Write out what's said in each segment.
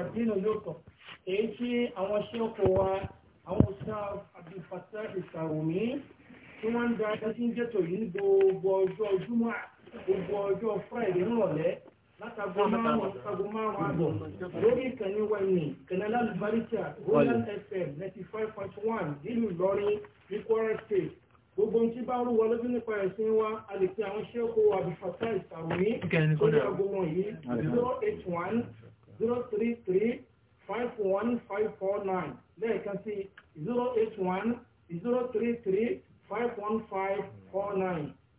àdínà yóò tọ̀ èyí tí àwọn ṣẹ́kọ̀ wa àwọn òṣìṣẹ́ àbífàtà ìṣàwòmí tí wọ́n ń da ẹjí ń jẹ́tò yìí gbogbo ọjọ́ júmọ́ gbogbo ọjọ́ friday ńlọ̀lẹ́ látago márùn-ún àbọ̀ lórí ìkànnì wẹ̀mí kẹ̀nẹ́lá lùbáríkà royal fm ninety five point one nílùú ìlọrin ní kwara state gbogbo ohun tí bá rú wọlé bí nípa ẹ̀sìn wa a lè pe àwọn ṣẹ́kọ̀ àbífàtà ìṣàwòmí lórí àgbo wọ̀nyí zero eight one. zero three three five one five four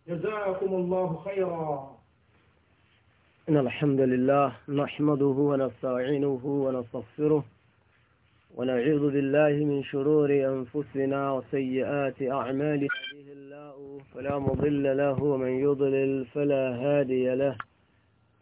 جزاكم الله خيرا إن الحمد لله نحمده ونستعينه ونستغفره ونعوذ بالله من شرور أنفسنا وسيئات أعمالنا فلا مضل له ومن يضلل فلا هادي له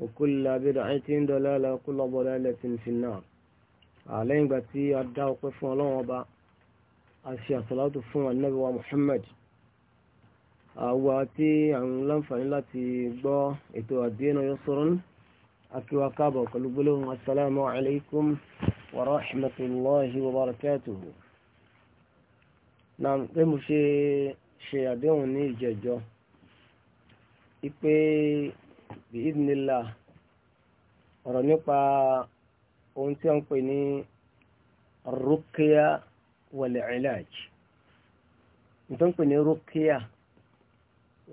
وكل بدعة دلالة وكل ضلالة في النار لين باتي أدعى وقف ولون وبا أشياء صلاة فون النبي ومحمد أواتي عن لنفع التي با إتو الدين يسر أكي وكابا قلوب السلام عليكم ورحمة الله وبركاته نعم قيموا شيء شيء أدعوني ججو إبقى bi'idhnillah ọ̀rọ̀ nípa ohun tí a ń pè ní rúkíá wal ilaj tó ń pè ní rúkíá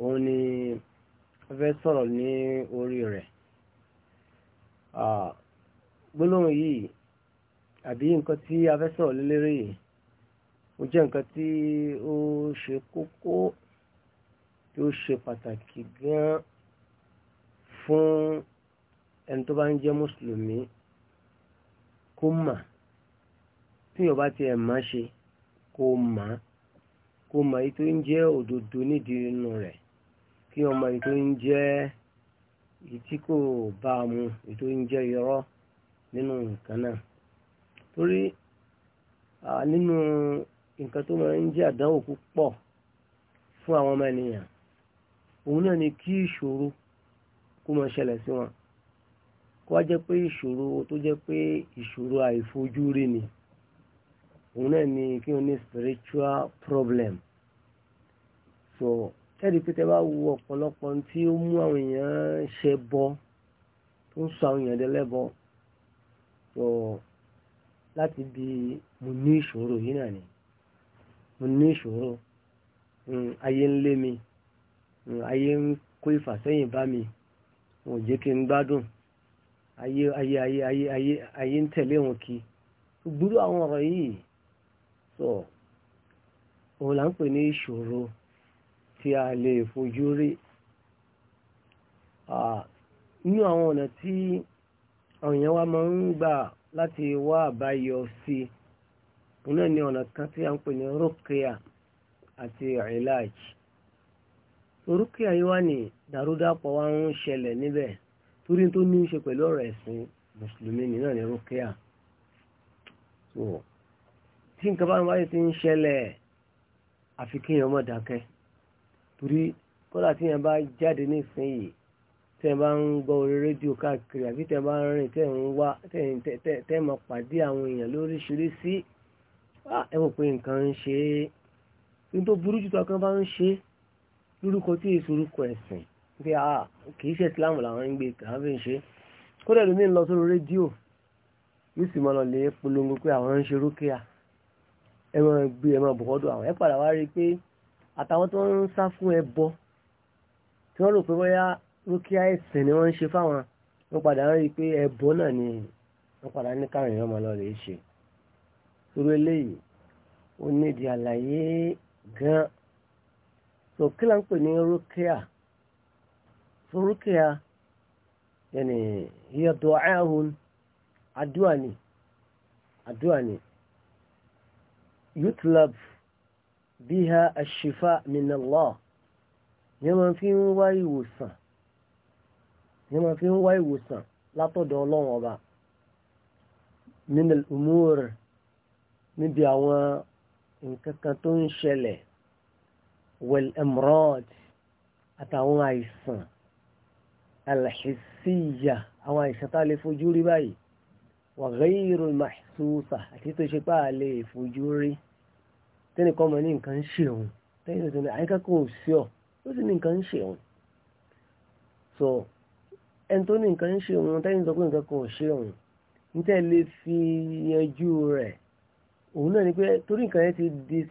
òun ni fẹ́ sọ̀rọ̀ ní orí rẹ̀ gbólóhùn yìí àbí nǹkan tí a fẹ́ sọ̀rọ̀ lélẹ́rẹ́ yìí ó jẹ́ nǹkan tí ó ṣe kókó tí ó ṣe pàtàkì gan-an fún ẹni tó bá ń jẹ́ mùsùlùmí kó mà tí yóò bá tiẹ̀ má ṣe kó mà kó mà èyí tó ń jẹ́ òdodo nídìí inú rẹ̀ kí ọmọ èyí tó ń jẹ́ èyí tí kò bá a mu èyí tó ń jẹ́ irọ́ nínú nǹkan náà torí nínú nǹkan tó máa ń jẹ́ àdánwò púpọ̀ fún àwọn ọmọ ènìyàn òun náà ni kí ìṣòro kó máa ṣẹlẹ̀ sí wọn kó wá jẹ́ pé ìṣòro tó jẹ́ pé ìṣòro àìfojúrí ni òun náà ni kí wọ́n ní spiritual problem so ẹ̀rí pé tẹ bá wo ọ̀pọ̀lọpọ̀ tí ó mú àwọn èèyàn ṣe bọ tó ń sọ àwọn èèyàn dẹ́lẹ́bọ so láti bí mo ní ìṣòro yìí náà ni mo ní ìṣòro hmm, ayé ń lé mi hmm, ayé ń kó ìfàsẹ́yìn bá mi wọn jẹ́ kí n gbádùn ayé ayé ayé ayé ayé ayé ń tẹ̀lé wọn kí gbúrú àwọn ọ̀rọ̀ yìí sọ òun là ń pè ní ìṣòro tí a lè fojú rí nínú àwọn ọ̀nà tí àwọn èèyàn wa máa ń gbà láti wá àbáyọ sí òun náà ni ọ̀nà kan tí a ń pè ní rókèá àti ìlàjì rókèá yìí wá nìyí dàrúdàpọ̀ wa ń ṣẹlẹ̀ níbẹ̀ torí tó ní ṣe pẹ̀lú ọ̀rọ̀ ẹ̀sìn mùsùlùmí ni náà ní rúkìá so tí nǹkan bá ń wáyé ti ń ṣẹlẹ̀ àfi kéèyàn má dákẹ́ torí kódà tí yẹn bá jáde nísìnyìí tẹ́ bá ń gbọ́ orí rédíò káàkiri àbí tẹ́ bá ń rìn tẹ́ ń wá tẹ́ mọ̀ pàdé àwọn èèyàn lóríṣiríṣi ah, ẹ mọ̀ pé nǹkan ń ṣe é tó burú jù tó akán bá ń ṣe é lórúkọ tí èso orúkọ ẹ̀sìn pé a ah, kìí ṣe ìsìláàmù làwọn ń gbé àwọn fi ń ṣe kódà lómi ń lọ sórí rédíò yóò sì máa lọ lè polongo pé àwọn ń ṣe rókèá ẹ máa gbé ẹ máa bọ̀ ọ́dọ̀ àwọn ẹ padà wá rí i pé àtàwọn tó ń sá fún ẹbọ tí wọ́n rò pé bóyá rókèá ẹ̀sìn ni wọ́n ń ṣe fáwọn wọ́n padà rí i pé ẹbọ náà ni wọ́n padà ní káwọn èèyàn máa lọ lè ṣe sórí eléyìí ó nídìí àlàyé gan-an so kí ló ń فرقيا يعني هي دعاء عدواني عدواني يطلب بها الشفاء من الله يما في واي وسان يما في واي وسان لا تدولون وبا من الأمور من بيعوان إن كنتون شلي والأمراض أتعوان عيسان alhìsíyà àwọn àìsàn tá a lè fojú rí báyìí wà ghayrul mahsusa àti tó ṣe pé a lè fojú rí tẹ́nìkan ọmọ ní nǹkan ń ṣe òun tẹ́yìn tó ní àyíká kò sí ọ sì ní nǹkan ń ṣe òun so ẹni tó ní nǹkan ń ṣe òun tẹ́yìn tó pé nǹkan kò ṣe òun nítẹ́ lè fi yanjú rẹ̀ òun náà ni pé torí nǹkan yẹn ti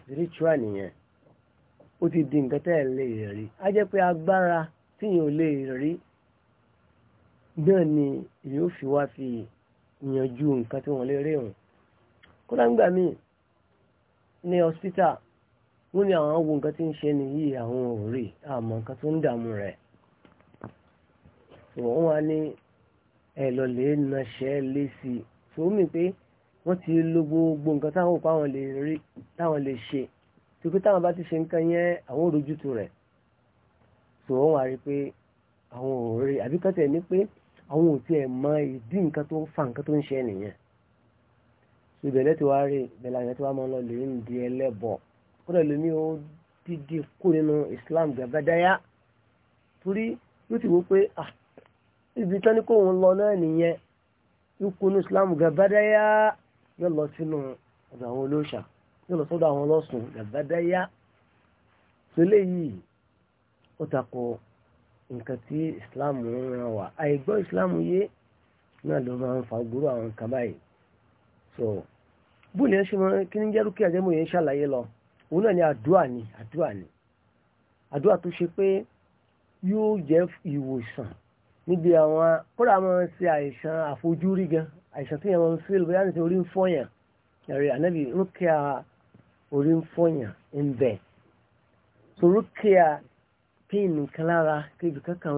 tẹ́ náà ni èyí ò fi wá fi yanjú nǹkan tí wọ́n lè rí òun kódà nígbà míì ní hospital wọ́n ní àwọn wo nǹkan tí ń ṣe nìyí àwọn ò rí àmọ́ nǹkan tó ń dààmú rẹ̀ wọ́n wá ní ẹ̀lọ́lẹ̀ nàṣẹ́ lé sí i tó mì pé wọ́n ti lo gbogbo nǹkan táwọn òpá àwọn lè rí táwọn lè ṣe tó táwọn bá ti ṣe nǹkan yẹn àwọn òrojútu rẹ̀ tó wọ́n wá rí pé àwọn ò àbíkọ́tẹ̀ ní pé àwọn ò tiẹ̀ mọ ìdí nǹkan tó ń fa nǹkan tó ń ṣe nìyẹn ìbẹ̀lẹ̀ tí wàá rí ìbẹ̀lẹ̀ àyàn wàá máa lọ lè ń di ẹlẹ́bọ̀ lómi ó dídí kú nínú Islam gàbádáyà torí yóò ti wò pé ibi tán ni kò ń lọ náà nìyẹn ikú Islam yóò lọ sínú ọ̀dọ̀ àwọn olóòṣà yóò lọ sọ́dọ̀ àwọn ọlọ́sùn nǹkan tí islam ń ran wà àìgbọ́ islam yé náà ló máa ń fa gbúrú àwọn nǹkan báyìí so bóun yẹn ṣe máa kí ní jẹ́rú kí àjẹmọ́ yẹn ṣàlàyé lọ òun náà ni àdúrà ni àdúrà ni àdúrà tó ṣe pé yóò jẹ́ ìwòsàn níbi àwọn kódà máa ń ṣe àìsàn àfojúrí gan àìsàn tí yẹn máa ń fíl bóyá nítorí orí ń fọyàn ẹ̀rẹ̀ ànábì rúkìá orí ń fọyàn ń bẹ̀ so rúkìá píìnì kan lára kébì kankan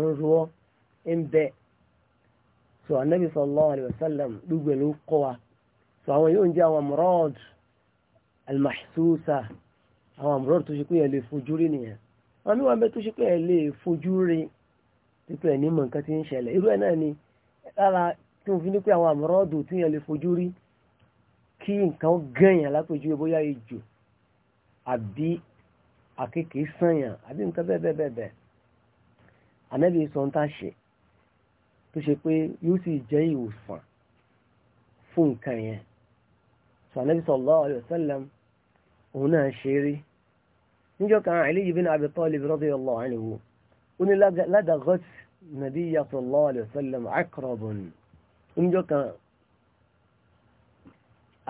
ń ń bẹ so anabi sallallahu alayhi wa sallam gbogbo ló kọ́ wa so àwọn yóò ń jẹ́ àwọn amúrọ́d almahsusa àwọn amúrọ́d tó ṣe pé ẹ̀ lè fojú rí nìyẹn àwọn mi wà bẹ́ẹ̀ tó ṣe pé ẹ̀ lè fojú rí pípẹ́ ní mọ̀ nǹkan tí ń ṣẹlẹ̀ irú ẹ̀ náà ni lára tí mo fi ní pé àwọn àmọ́rọ́dù tí yẹn lè fojú rí kí nǹkan gẹ̀yàn lápèjúwe bóyá ejò àbí àkekèé sànyàn àbí nǹkan bẹ́ẹ̀ bẹ́ẹ̀ bẹ́ẹ̀ bẹ́ẹ̀ ànábì sọ ń tàṣe tó ṣe pé yóò sì jẹ́ ìwòsàn fún nǹkan yẹn sọ ànábì sallallahu alaihi wasallam òun náà ṣe rí níjọ́ kan Ali ibn Abi Talib radiyallahu anhu ó ní ladagat nabiyya sallallahu alaihi wasallam akrabun níjọ́ kan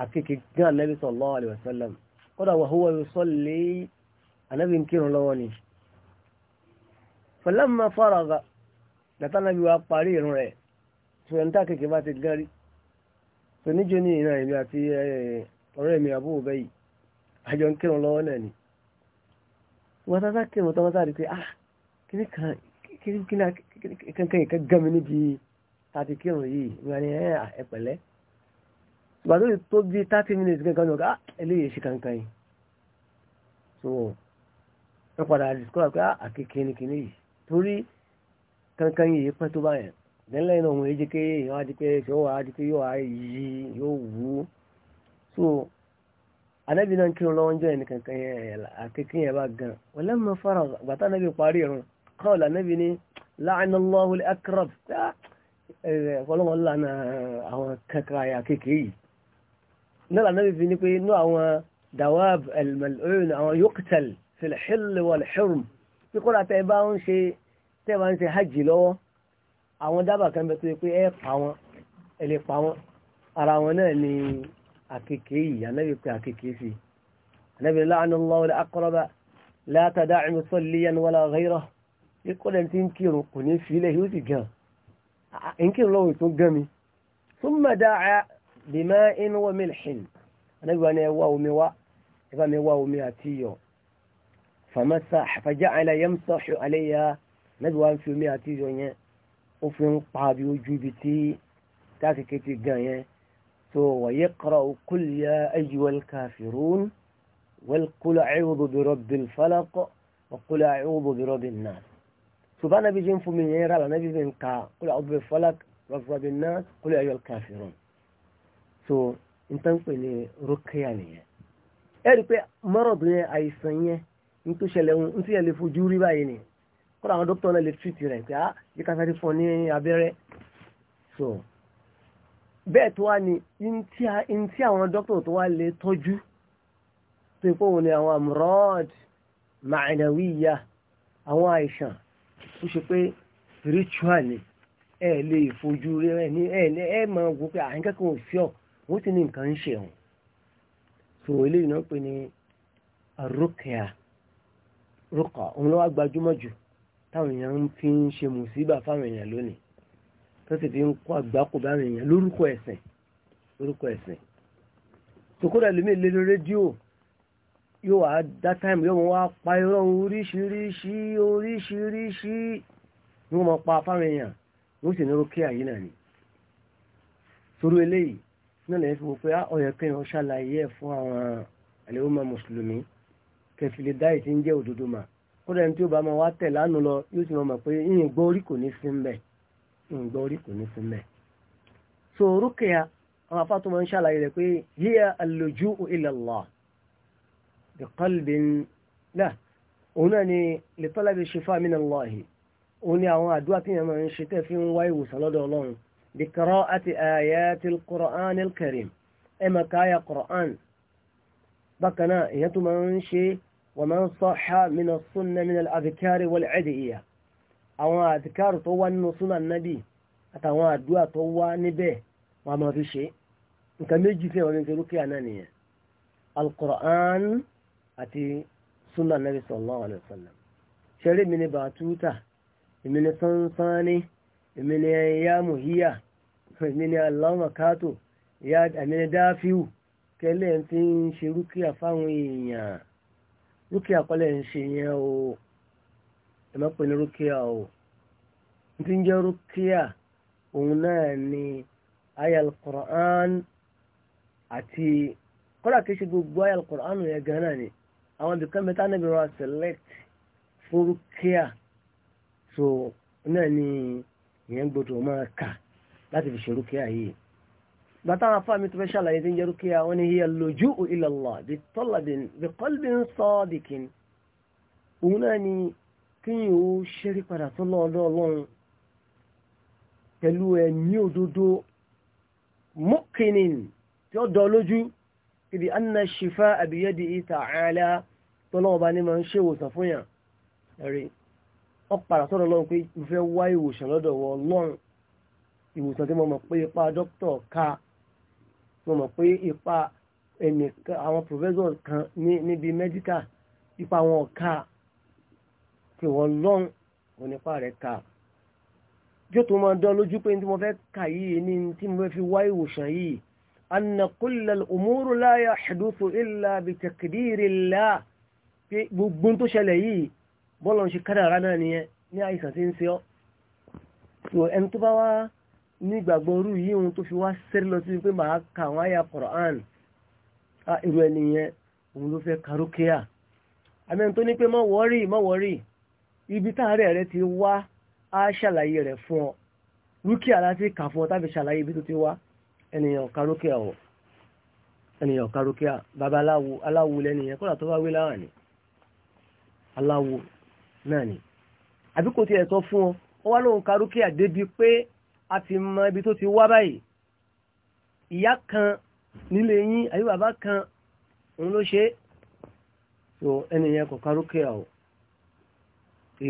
àkekèé gán ànábì sallallahu alaihi wasallam kódà wa huwa yusalli anábì ń kírun lọ́wọ́ ni falamma faraga látànàbí wa parí irun rẹ̀ sọ̀rọ̀ntà kékeré bá ti gárí tó níjó ní ìran èmi àti ọ̀rẹ́ mi àbúrò bẹ́yì àjọ ń kírun lọ́wọ́ náà ni wọ́n sá kírun tó wọ́n sá pé ah kíní kan kíní kankan ìkan gan mi níbi tàti kírun yìí wọ́n ní ẹ pẹ̀lẹ́ ìgbà tó tó bí thirty minutes kankan ní ah, eléyìí ṣe kankan yìí so wọ́n padà discover pé ah, àkèké ni kìíní yìí torí kankan yìí pẹ́ tó báyẹn nílẹ̀ iná òun èjì pé èèyàn á di pé ṣé ó wà á di pé yóò wá yí yóò wú so anabi náà kírun lọ́wọ́ ń jọ ẹni kankan yẹn àkèké yẹn bá gan wọ́n lẹ́nu mọ́ fara gbàtà anabi parí irun kọ́ọ̀lù anabi ni la'anallahu al-akrab ah, ọlọ́wọ́n lànà àwọn kankan àkèké yìí nílẹ̀ anabi fi ni pé inú àwọn dawab al-mal'un àwọn yuqtal fìlìhìlì wàlìhìrùm pé kódà tẹ́ bá ń ṣe tẹ́ bá ń ṣe hajj lọ́wọ́ àwọn dábàá kan bẹ tó yẹ pé ẹ pa wọn ẹ lè pa wọn ara wọn náà ni àkèké yìí ànábì pé àkèké sí ànábì láàánú lọ́wọ́ lè akọ́rọ́bà látàdá ìmùsọ̀lìyàn wàlá ọ̀gáyìrọ̀ pé kódà tí ń kírun kò ní sílẹ̀ yóò sì gan ń kírun lọ́wọ́ tó gan mi súnmọ́ dáa bìmá inú wọ́n mílíọ̀n ànábì wa ni ẹ wá omi wá ẹ bá mi wá omi àti iyọ̀ فمسح فجعل يمسح عليها ندوى في مئتي جونيا وفي قابيو وجوبتي تاككتي جانيا تو ويقرأ كل يا أيها الكافرون والقل أعوذ برب الفلق وقل أعوذ برب الناس سبحان بيجين فمينيرا لنبي بنكا قل أعوذ بالفلق رب الناس قل أيها الكافرون تو انتنقل ركيانية يعني. ẹ̀rí pé mọ́rọ̀dún yẹn àìsàn ní tó ṣẹlẹ̀ ohun ní tí lè fojú rí báyìí ni kọ́ra àwọn dókítà náà lè tìrìtì rẹ̀ pé ah bí ká fẹ́ẹ́ fọ́ ní abẹ́rẹ́ so bẹ́ẹ̀ tó wá ní ní tí àwọn dókítà tó wá lè tọ́jú tó ipò wọn ni àwọn amúrọ́ọ̀d màìnàwíyà àwọn àìsàn tó ṣe pé spiritual ni ẹ lè fojú rí ẹ ní ẹ ní ẹ máa wò pé àyíká ah, kan sí ọ wọ́n ti ní nǹkan ń ṣe ọ̀hún so eléyìí náà pè ní arúkẹ́à rúkà òun ló wá gbajúmọ̀ jù táwọn èèyàn fi ń ṣe mùsíbà fáwọn èèyàn lónìí tó sì fi ń kó àgbákò bá àwọn èèyàn lórúkọ ẹ̀sìn lórúkọ ẹ̀sìn tòkúrẹ́ lómi lé lórí rédíò yóò wá dá táìmù yóò wá pa irọ́ oríṣiríṣi oríṣiríṣi ni wọ́n máa pa fáwọn èèyàn wọ́n sì ní rókè àyè náà ni torí eléyìí náà lè fi wò pé ọ̀yẹ̀kẹ́yìn ah, ọ̀ṣàlàyé ẹ̀ fún àwọn àlẹ́wọ́mọ mùsùlùmí kẹfìlẹ̀ dáì ti ń jẹ́ òdodo mà kódà ẹni tí ó bá máa wá tẹ̀ lánàá lọ yóò ti mọ̀ pé yìnyín gbọ́ orí kò ní sí mbẹ̀ yìnyín gbọ́ orí kò ní sí mbẹ̀. so rúkìá àwọn afá tó máa ń ṣàlàyé rẹ̀ pé yíya àlòjú ila Allah bi qalbin náà òun náà ni li talabi shifa min Allah òun ni àwọn àdúrà tí yẹn máa ń ṣe tẹ́ fi ń wá ìwòsàn bákan náà èèyàn tó máa ń ṣe ومن صح من السنة من الأذكار والعدئية àwọn àdìkárù tó wá nínú súnà nábì àtàwọn àdúrà tó wá níbẹ̀ wọ́n máa fi ṣe nǹkan méjì tí wọ́n ní ti rúkìá náà nìyẹn alkùrán àti súnà nábì sallallahu alaihi wasallam ṣeré mi ní bàtúta èmi ní sánsánni èmi ní ya muhiya èmi ní aláwọ̀kátó èmi ní dáfíù kẹlẹ́ ti ń ṣe rúkìá fáwọn èèyàn rúkìá kọ́lẹ̀ ń ṣe yẹn o ẹ má pè ní rúkìá o n ń jẹ́ rúkìá òun náà ni ayal Qur'an àti kọ́lá kìí ṣe gbogbo ayal Qur'an yẹn gan náà ni àwọn ibìkan mẹ́ta náà bí wọ́n select fún rúkìá so náà ni ìyẹn gbọdọ̀ máa kà láti fi ṣe rúkìá yìí gbàtàrà fáàmì tó fẹ́ ṣàlàyé tí ń jẹ́ rúkìá wọn ni hiya al-luju'u ila Allah bi talabin bi qalbin sadiqin òun náà ni kíyìn ó ṣẹ́rí padà tó lọ́ọ̀dọ́ ọlọ́run pẹ̀lú ẹ̀mí òdodo mọ́kìnín tí ó dọ̀ lójú ibi anna shifa abiyadi ta'ala tọ́lọ́ọ̀bá ní máa ń ṣe ìwòsàn fún yàn ẹ̀rí ó padà tọ́lọ́ ọlọ́run pé mo fẹ́ wá ìwòsàn lọ́dọ̀ ọlọ́run ìwòsàn tí mo mọ̀ pé ipa dókítà ká mo mọ̀ pé ipa ẹnìkan àwọn professor kan níbi medical ipa wọn ká pé wọ́n lọ́n onípa rẹ̀ ká jó tó máa dán lójú pé ní tí mo fẹ́ kà yìí ní tí mo fẹ́ fi wá ìwòsàn yìí anna kulla al-umuru la yahduthu illa bi taqdirillah pé gbogbo tó ṣẹlẹ̀ yìí bọ́lọ̀ ń ṣe kádàrá náà nìyẹn ní àìsàn tí ń ṣe ọ́ so ẹni tó bá wá ní ìgbàgbọ́ orú yìí ohun tó fi wá sẹ́rí lọ sí pé màá ka àwọn àyà Qur'an irú ẹni yẹn òun ló fẹ́ karókèá àmẹ́rin tó ní pé má wọ́rì má wọ́rì ibi táàrẹ̀ rẹ ti wá á ṣàlàyé rẹ̀ fún ọ rúkìá láti kà fún ọ tàbí ṣàlàyé ibi tó ti wá ènìyàn karókèá ọ ènìyàn karókèá bàbá aláwo aláwo lẹ́nìyàn kọ́lá tó bá wé láwà ni aláwo náà ni àbí kò tiẹ̀ sọ fún ọ ọ wá lóun karókèá débi pé a ti mọ ibi tó ti wá báyìí ìyá kan nílé yín àbí bàbá kan òun ló ṣe so ẹnìyẹn kò kárúkẹ́ ọ̀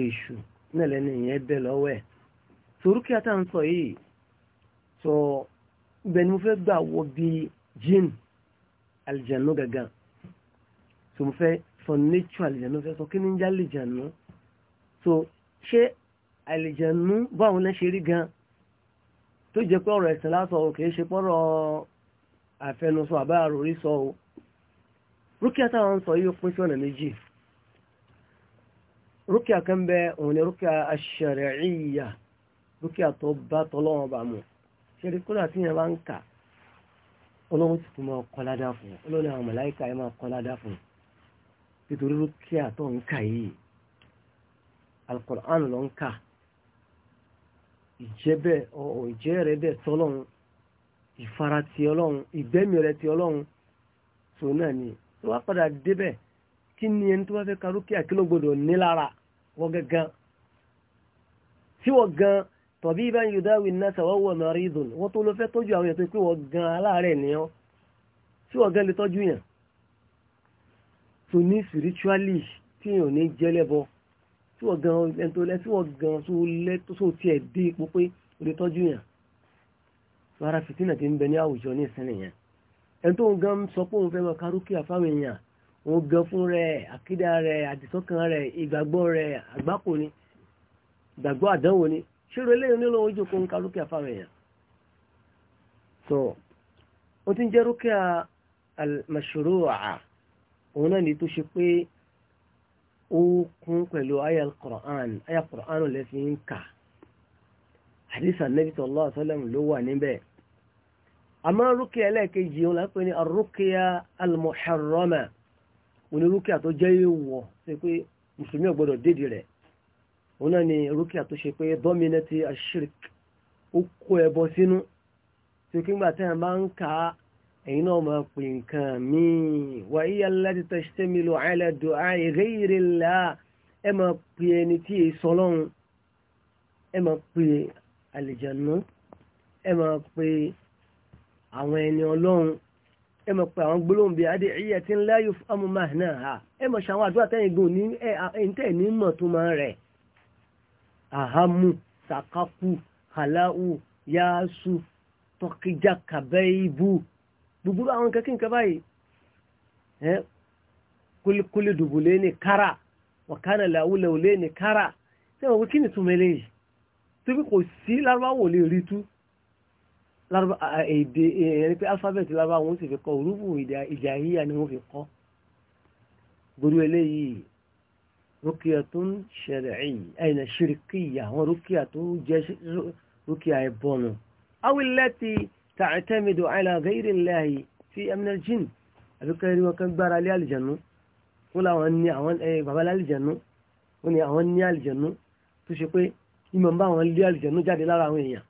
èṣù náà lẹ́nu ìyẹn bẹ́ lọ́wọ́ ẹ̀ sorúkẹ́ àtà ń sọ yìí sọ ibẹ̀ ni mo fẹ́ gbà wọ bí jin alìjànú gangan so mo fẹ́ sọ nature alìjànú fẹ́ sọ kí ni ń jẹ́ alìjànú so ṣé alìjànú báwọn náà ṣe gan-an tó jẹ́ pé ọ̀rọ̀ ẹ̀sìn lásán o kìí ṣe pọ́rọ̀ àfẹnusọ àbá àròrí sọ o rúkìá táwọn ń sọ yìí ó pín sí ọ̀nà méjì rúkìá kan bẹ òun ni rúkìá aṣ-ṣar'iyya rúkìá tó bá tọ́lọ́wọ́n bá mu ṣẹlẹ̀ kúrò àti yẹn bá ń kà ọlọ́run sì tún máa kọ́ ládàá fún un àwọn màláíkà yẹn máa kọ́ ládàá fún nítorí rúkìá tó ń kà yìí Al-Qur'an ló ń kà ìjẹ́bẹ̀ ọ̀ ìjẹ́ rẹ̀ bẹ̀ tọ́lọ́run ìfaratì ọlọ́run ìbẹ́mi rẹ̀ ti ọlọ́run tó náà ni tó wá padà débẹ̀ kí ni ẹni tó bá fẹ́ ka rúkìá kí ló gbọdọ̀ ní lára wọ́n gangan tí wọ́n gan tọ̀bí bá ń yudáwì náà sàwọ́wọ́ mẹ́rin ìdùn wọ́n tó lọ fẹ́ tọ́jú àwọn èèyàn tó gan aláàárẹ̀ nìyẹn tí wọ́n gan lè tọ́jú yàn tó ní spiritually tí èèyàn ní jẹ́lẹ́bọ̀ọ́ tí wọ́n gan ẹni tó lẹ tí wọ́n gan tó lẹ tó sọ tiẹ̀ dé ipò pé o lè tọ́jú yàn rárá fìtínà ti ń bẹ ní àwùjọ ní ìsinmi yẹn ẹni tó gan sọ pé òun fẹ́ máa karókìá fáwọn èèyàn òun gan fún rẹ àkídà rẹ àdìsọ́kàn rẹ ìgbàgbọ́ rẹ àgbákò ni ìgbàgbọ́ àdánwò ni ṣírò eléyìn nílò ojú kó ń ka rúkìá èèyàn so ó ti ń jẹ́ rúkìá al-mashru'a òun náà ní tó ṣe pé ó kún pẹ̀lú àyà Qur'an àyà Qur'an lè fi ń kà hadith Annabi sallallahu alaihi wasallam ló wà níbẹ̀ àmọ́ rúkìá ẹlẹ́ẹ̀kejì òun lápẹ́ ní arúkìá al-muharrama òun ni rúkìá tó jẹ́ ìwọ̀ ṣe pé mùsùlùmí ò gbọ́dọ̀ dédì rẹ̀ òun náà ni rúkìá tó ṣe pé dominati ashirik ó kó ẹbọ sínú tí ó kí ń gbà tẹ́yàn bá ń ka èyí náà máa pè nǹkan míì wà íyá láti tẹ̀sítẹ́ mi lọ àìlẹ́dọ̀ àìrẹ́ ìrẹ́ là ẹ máa pè ẹni tí èyí sọ lọ́run ẹ máa pè àlìjànú ẹ máa pè àwọn ẹni ọlọ́run ẹ máa pè àwọn gbólóhùn bíi adé ìyá tí ń láyò fáwọn náà ha ẹ máa ṣàwọn àdúrà tẹ́yìn gùn ní ẹ ẹ̀ ní mọ̀ tó máa rẹ̀ ahamu sakaku halau yaasu tọkijakabe gbogbo àwọn kẹ́kí nǹkan báyìí ẹ́ kúlíkúlí dùbùlé ní kára wàkánà làwúlẹ̀wúlé ní kára tí wọ́n wíkí ní túnmọ̀ eléyìí tó bí kò sí lárúbáwò lè rí tú èdè ẹni pé alifábẹ́ẹ̀tì lárúbáwò wọ́n sì fi kọ́ òrùbù ìjà yíyá ni wọ́n fi kọ́ gbogbo eléyìí rúkìá tó ń ṣẹlẹ̀ ẹ̀yìn ṣìrìkìyà àwọn rúkìá tó jẹ́ rúkìá ẹ̀bọ̀nù awilẹ́tì تعتمد على غير الله في أمن الجن أذكر وكان بارا لي الجنة ولا واني عوان أي بابا لي الجنة وني عواني الجنة تشكوي إمام با وان لي الجنة جاد لا راوية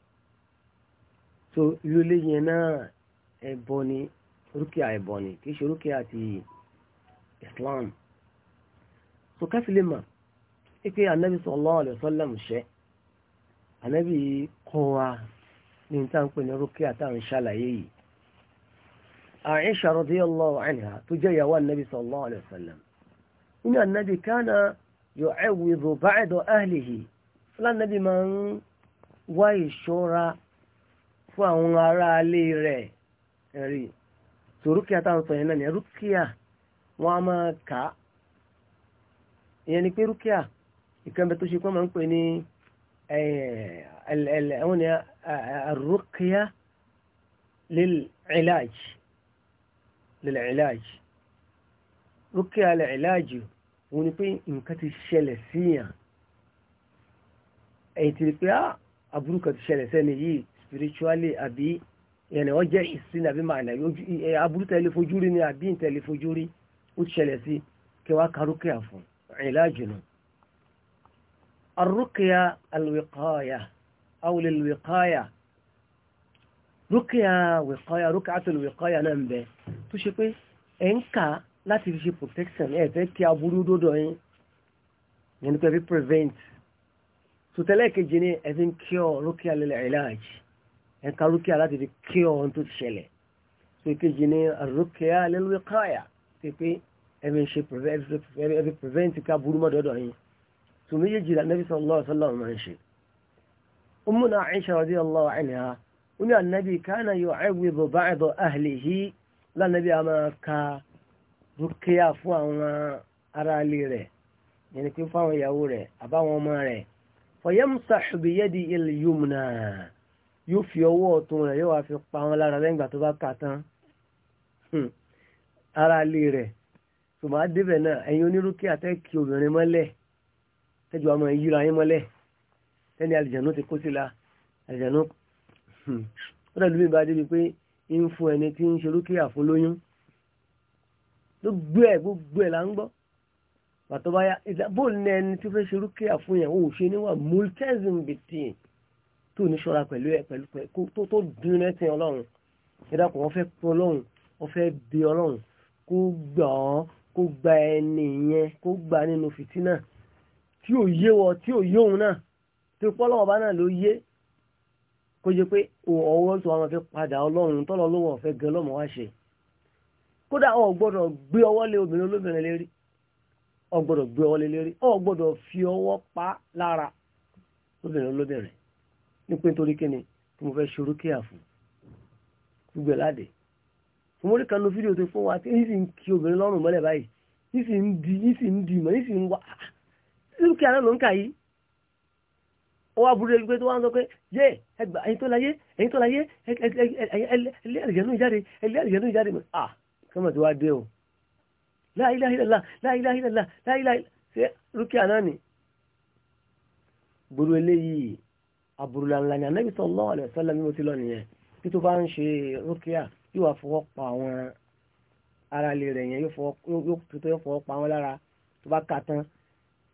so ìrọ̀lẹ́ yẹn náà ẹ̀bọ ni rúkìá ẹ̀bọ ni kì í ṣe rúkìá ti Islam so káfílẹ̀ mà ẹ pé anabi sallallahu alaihi wasallam ṣẹ́ anabi kọ́ wa ní ta ń pè ní rúkìá tá à ń ṣàlàyé yìí Aisha radiyallahu anha tó jẹ́ ìyàwó anabi sallallahu alayhi wa sallam inú anabi kana yu'awwidhu ba'da ahlihi fúlànàbí máa ń wá ìṣọ́ra fún àwọn ará ilé rẹ̀ ẹ̀rí tó rúkìá táwọn sọ yẹn náà ni rúkìá wọn a máa kà á ìyẹn ni pé rúkìá ìkànnì tó ṣe kọ́ máa ń pè ní ẹ̀ẹ́n ẹ̀ẹ́n ẹ̀wọ̀n ni الرقية للعلاج للعلاج رقية للعلاج wọ́n ni pé nǹkan ti ṣẹlẹ̀ síyàn ẹ̀yìn spiritually أبي ẹ̀nà wọ́n jẹ́ ìsìn àbí màánà àbúrú tẹ̀lé fojú rí ni àbí ìtẹ̀lé fojú rí ó ṣẹlẹ̀ sí kẹwàá karókè àfọ̀ ìlàjùnà arúkẹ́yà alwiqaya أو للوقاية رقية وقاية رقعة الوقاية náà ń bẹ tó ṣe pé ẹ̀ ń kà láti fi ṣe protection ẹ̀ fẹ́ kí aburú dọ́dọ̀ yín yẹn ni pé fi prevent sotẹ́lẹ̀ kejì ni ẹ̀ fi ń cure rúkìá lẹ́lẹ̀ ìlàj ẹ̀ ka rúkìá láti fi cure ohun tó ti ṣẹlẹ̀ so kejì ni rúkìá lẹ́lẹ̀ wíkáyà pé pé ẹ̀ fi ṣe prevent ẹ̀ fi prevent ká burú mọ́ dọ́dọ̀ yín so méjèèjì la Nabi sallallahu alaihi wasallam máa ń ṣe. أمنا عائشة رضي الله عنها أن النبي كان يعوض بعض أهله لا نبي أما كا ركيا فوا أرالي ره يعني كيف فوا يوري أبا وما ره فيمسح بيدي اليمنى يوفي ووتون ره يوافي قام لا رلين باتبا كاتان أرالي ره ثم أدبنا أن يوني ركيا تكيو بني ملي تجوا ما يجرى ملي ẹni àlìjànú ti kó sí la àlìjànú hmm. ó dàbí mi bá débi pé ń fún ẹni tí ń ṣe rúkìá fún lóyún gbogbo ẹ gbogbo ẹ là ń gbọ́ pàtó báyà bóòlù ní ẹni tí ó fẹ́ ṣe rúkìá fún yẹn ò ṣe níwà multism bìtìn tó ní ṣọ́ra pẹ̀lú ẹ pẹ̀lú tó tó dun lẹ́sìn ọlọ́run ìdàpọ̀ wọ́n fẹ́ pọ̀ ọlọ́run wọ́n fẹ́ bí ọlọ́run kó gbà ọ́ kó gba ẹni yẹn kó gbà nínú fìtínà tí ò yé wọ tí ò yé òun náà tí pọ́lọ́ bá náà ló yé kó jẹ pé ọwọ́ tó àwọn fi padà ọlọ́run tọ́lọ́ lówó ọ̀fẹ́ gan lọ́mọ wá ṣe kódà gbọ́dọ̀ gbé ọwọ́ lé obìnrin olóbìnrin lérí o gbọ́dọ̀ gbé ọwọ́ lé lérí gbọ́dọ̀ fi ọwọ́ pa lára obìnrin olóbìnrin kíni tí mo fẹ́ kan ní fídíò tó fún ó wá burú ẹgbẹ́ tó wá ń sọ pé yé ẹgbà ẹ̀yin tó láyé ẹ̀yin tó láyé ẹlẹ́ àlìjẹ́nú ìjáde ẹlẹ́ àlìjẹ́nú ìjáde mọ̀ à kọ́mọ̀ tó wá dé o láìláìlá láìláìlá láìláìlá ṣe rúkìá náà ni gbogbo eléyìí àbúrúlanlá ni anábì sallallahu alaihi wasallam mímú ti lọ nìyẹn tí tó bá ń ṣe rúkìá yóò wá fọwọ́ pa àwọn ara ilé rẹ̀ yẹn yóò fọwọ́ pa àwọn lára tó bá ka tán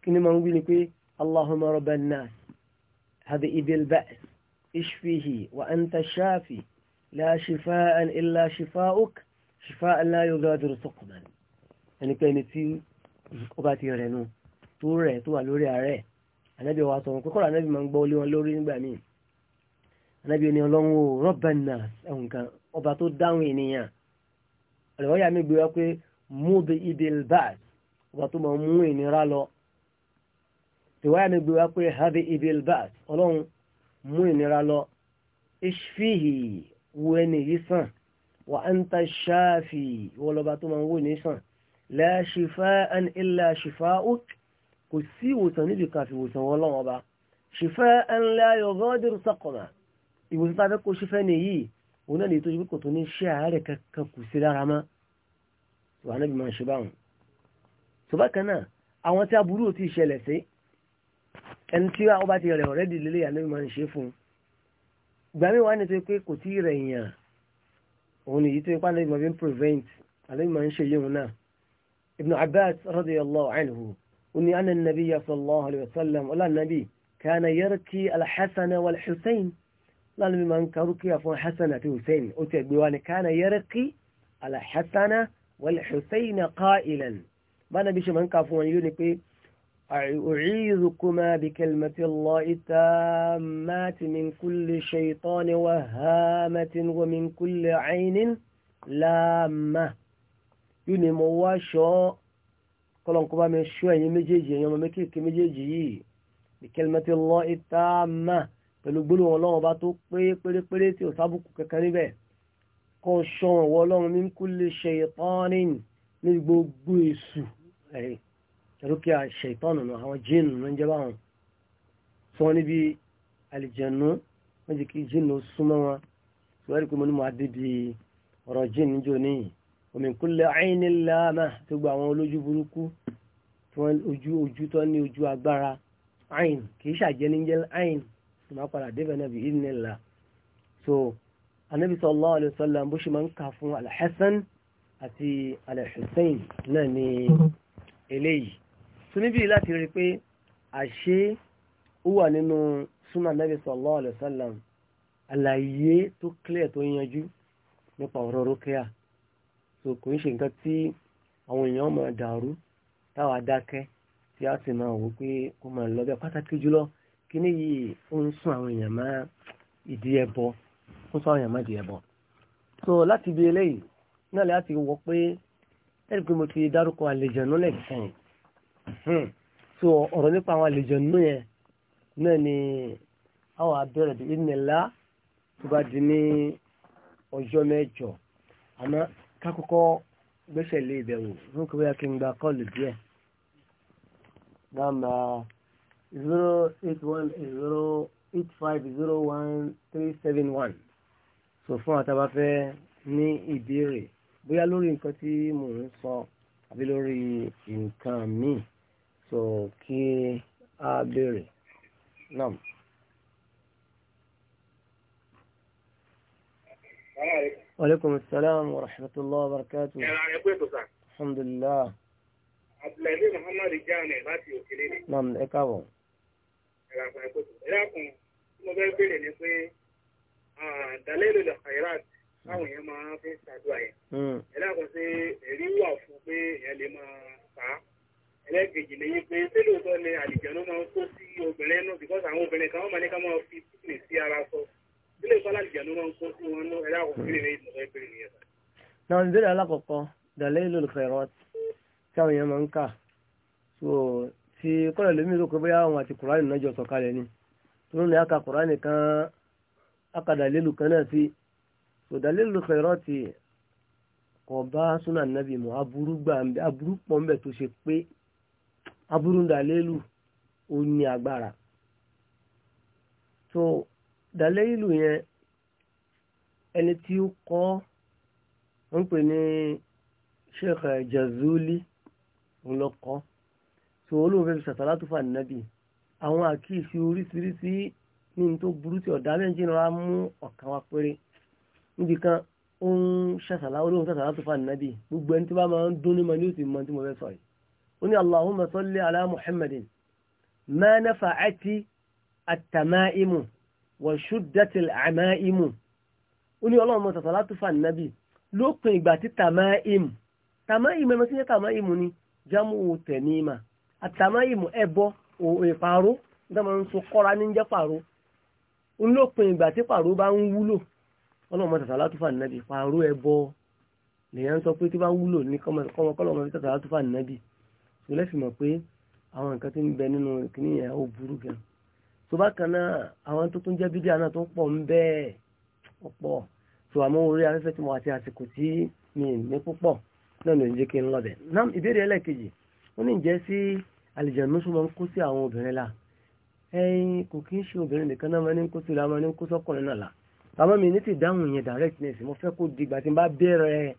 kí Allahumma rabban nas هذئب بأس اشفيه وأنت الشافي لا شفاء إلا شفاؤك شفاء لا يغادر سقما يعني كان يتي أباتي رنو توري تو لوري أري النبي واسون كل النبي من بولي ولوري أنا النبي ني الله رب الناس أو كان أبا تو داوي نيا الرواية مي بيقول مود إبل بأس أبا تو ما موي نرالو ìwáyà mi gbé wá pé habi ibil bat ọlọ́run mú ìnira lọ ishfihi wo ẹni yìí sàn wa anta shafi wọ́n lọ́ba tó máa ń wò ní sàn la shifaan illa shifauk kò sí ìwòsàn níbi kan àfi ìwòsàn wọn lọ́wọ́ ọba shifaan la yughadiru saqama ìwòsàn tá a fẹ́ kó ṣífẹ́ ni yìí òun náà lè tó ṣe kò tó ní ṣe àárẹ̀ kankan kù sí lára mọ́ wà níbi máa ṣe báwọn. tó bákan náà àwọn tí aburú ò tí ì ṣẹlẹ̀ sí ẹni tí ó bá ti rẹ̀ ọ̀rẹ́dì lélẹ̀ ànábì máa ń ṣe fún un ìgbà mi wà ní tó pé kò tí ì rẹ̀ yàn òun nìyí tó ipá ànábì máa fi ń prevent ànábì máa ń ṣe yéhun náà Ibn Abbas radiyallahu anhu ó ní anna nabiyya sallallahu alayhi wa sallam ọlá nàbí kana yarki alhassan wal hussein lálùmí máa ń ka rúkìá hassan àti hussein ó ti ẹgbẹ́ wa ní kana yarki alhassan wal hussein qailan bá nàbí ṣe máa ń ka fún wọn yóò ní pé أعيذكما بكلمة الله التامات من كل شيطان وهامة ومن كل عين لامة yóni mo wá ṣọ́ kọ́lọ́nkọ́ bá mi ṣọ́ ẹ̀yin méjèèjì ẹ̀yin ọmọ méjèèjì méjèèjì yìí ìkẹlẹ́mẹ́tì lọ ìta mà pẹ̀lú gbólóhùn ọlọ́run ọba tó pé pérépéré tí ò sábùkù kankan níbẹ̀ kọ́ ṣọ́ ọ̀wọ́ ọlọ́run min kulli shaytanin ní gbogbo èṣù ẹ̀yìn rúkìá ṣètọ́nù nù àwọn jíìnù ló ń jẹ́ báwọn tí wọ́n níbi àlìjẹ̀nú wọ́n jẹ́ kí jíìnù ó súnmọ́ wọn tí wọ́n rí pé mo ní mo adébí ọ̀rọ̀ jíìnù jò níyì omi kúlẹ̀ àìníláàmà tó gba àwọn olójú burúkú tí wọ́n ojú ojú tó ní ojú agbára àìn kì í ṣàjẹ́ ní jẹ́ àìn tó máa padà débẹ̀ náà bí so anabi sallallahu alayhi wa sallam bó ṣe máa ń kà fún alhassan àti alhussein náà ní so níbi láti rí pé àṣé ó wà nínú súnà nàbì sallallahu alaihi wasallam àlàyé tó clear tó yanjú nípa ọ̀rọ̀ rókẹ́à so kò ń ṣe nǹkan tí àwọn èèyàn máa dàrú táwa dákẹ́ tí a sì máa wò pé kó máa lọ bẹ́ẹ̀ pàtàkì jùlọ kíní yìí ó ń sún àwọn èèyàn máa ìdí ẹbọ ó sún àwọn èèyàn máa ìdí ẹbọ so láti ibi eléyìí náà láti wọ pé ẹ̀rí pé mo ti dárúkọ àlejò náà lẹ́yìn sẹ́yìn Hmm. so ọ̀rọ̀ nípa àwọn àlejò nínú yẹn náà ni àwọn abẹ́rẹ́ bíi nílá tó bá di ní ọjọ́ mẹ́jọ àmọ́ kákọ́kọ́ gbẹ́sẹ̀ lé ìbẹ̀wò fún kí wọ́n kí n gba kọ́ọ̀lù díẹ̀ nàmbà zero eight one zero eight five zero one three seven one so fún àtàbà fẹ́ ní ìbéèrè bóyá lórí nǹkan tí mò ń sọ àbí lórí nǹkan míì so kí a béèrè náà. Aleykum salaam wa rahmatullahi wa barakatuh. Ẹ̀rọ ààrẹ pé tó sà. Alhamdulillah. Abdullahi Muhammad Jami láti òkèlè ni. Nam ẹ káàbọ̀. Ẹ̀rọ ààrẹ pé tó sà. Ẹ̀rọ àkùn mo fẹ́ béèrè ni pé dalilu lil khairat táwọn èèyàn máa fi ṣàdúrà yẹn. Ẹ̀rọ àkùn sí èrí wà fún pé èèyàn lè máa pa á ẹlẹ́kejì lè yí pé sélòótọ́ ni àlìjẹ̀nu máa ń kó sí obìnrin náà because àwọn obìnrin kan wọ́n máa ní ká máa fi pípìlì sí ara sọ sélòótọ́ àlìjẹ̀nu máa ń kó sí wọn náà ẹ̀dá àwọn obìnrin méjì lọ́wọ́ ìbéèrè nìyẹn. náà níbẹ̀rẹ̀ alákọ̀ọ́kọ́ Dalailul Khairat táwọn èèyàn máa ń kà so ti kọ́lẹ̀ lómi rò pé bóyá àwọn àti kùránì náà jọ sọ̀kalẹ̀ ni tòun ni aka kùránì kan aka dalilu kan náà sí so Dalailul Khairat kò bá súnà nàbì mọ́ aburú gbà ń bẹ aburú pọ̀ ń bẹ tó ṣe pé aburú dàlélù ó ní so dàlélù yẹn ẹni tí ó kọ́ ń pè ní sheikh jazuli òun so olóhùn fẹ́ẹ́ fi ṣàtàlátù fún ànábì àwọn àkíyèsí oríṣiríṣi ní tó burú tí ọ̀dà lẹ́yìn náà mú ọ̀kan wa péré níbi kan ó ń ṣàtàlá olóhùn ṣàtàlátù fún ànábì gbogbo ẹni tó bá máa ń dún ní mọ ní òsì mọ tí mo fẹ́ sọ yìí ó ní Allahumma salli ala Muhammadin ma nafa'ati at-tama'imu wa shuddatil ama'imu ó ní ọlọ́run mọ́ta salatu fa nabi lópin ìgbà tí tama'im tama'im ẹmọ sí ní tama'im ni jamu tẹ̀míma at-tama'im ẹbọ ìparó nígbà máa ń so kọ́ra ní jẹ́ pàró ń lópin ìgbà tí pàró bá ń wúlò ọlọ́mọ tàtà látúfà nàbì pàró ẹbọ lèyàn sọ pé tí bá wúlò ní kọ́mọkọ́lọ́mọ tàtà látúfà nàbì so lẹ́fì mọ̀ pé àwọn nǹkan tí ń bẹ nínú kìíní yẹn ó burú gan so bákan náà àwọn tó tún jẹ́ bídíà náà tó pọ̀ ń bẹ́ẹ̀ ọ̀pọ̀ so àmọ́ orí afẹ́fẹ́ tí mo àti àsìkò tí mi ní púpọ̀ náà ló ń jẹ́ kí n lọ́bẹ̀ náà ìbéèrè ẹlẹ́ẹ̀kejì ó ní ìjẹ́ sí àlìjànú súnmọ́ ń kó sí àwọn obìnrin la ẹyin kò kí ń ṣe obìnrin nìkan náà máa ní kó sí la máa ní kó sọ́kùnrin náà la àmọ́ mi ní ti dáhùn yẹn direct mo fẹ́ kó dìgbà tí n bá bẹ̀rẹ̀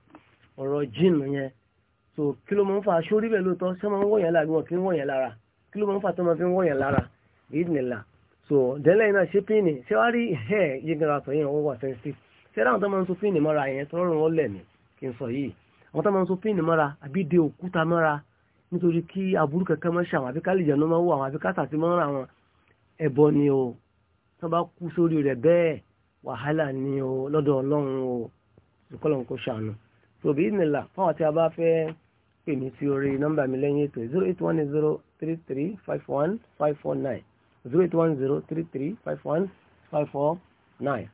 ọ̀rọ̀ jíìnù yẹn so kí ló máa ń fa sórí bẹ́ẹ̀ lóòótọ́ ṣé máa ń wọ̀nyàn lára wọn kí ń wọ̀nyàn lára kí ló máa ń fa tó máa fi ń wọ̀nyàn lára ìdìnnìlà so dẹ́lẹ̀ iná ṣe píìnì ṣé wàá rí ẹ̀ yíganra sọ yẹn wọ́n wà sẹ́ńsì ṣé dáhùn tó máa ń so píìnì mọ́ra yẹn tó rọrùn wọn lẹ̀ mí kí n sọ yìí àwọn tó máa ń so píìnì mọ́ra àbí de òkúta mọ́ra nítorí kí aburú kẹ̀kẹ́ mọ́ ṣàwọn àbí kálí ìjànú ni o tó ni o lọ́dọ̀ ọlọ́run o ìkọlọ́run kò ṣàánú tòbí ìnìlà pè mí sí orí nọ́mbà mi lẹ́yìn ètò zero eight one zero three three five one five four nine zero eight one zero three three five one five four nine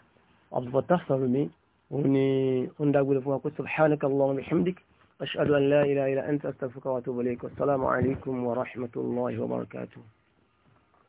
Abdulfatah Sarumi òun ni ó ń dágbére fún wa pé subhanaka Allahumma wa bihamdik ashhadu an la ilaha illa anta astaghfiruka wa atubu ilayk assalamu alaykum wa rahmatullahi wa barakatuh.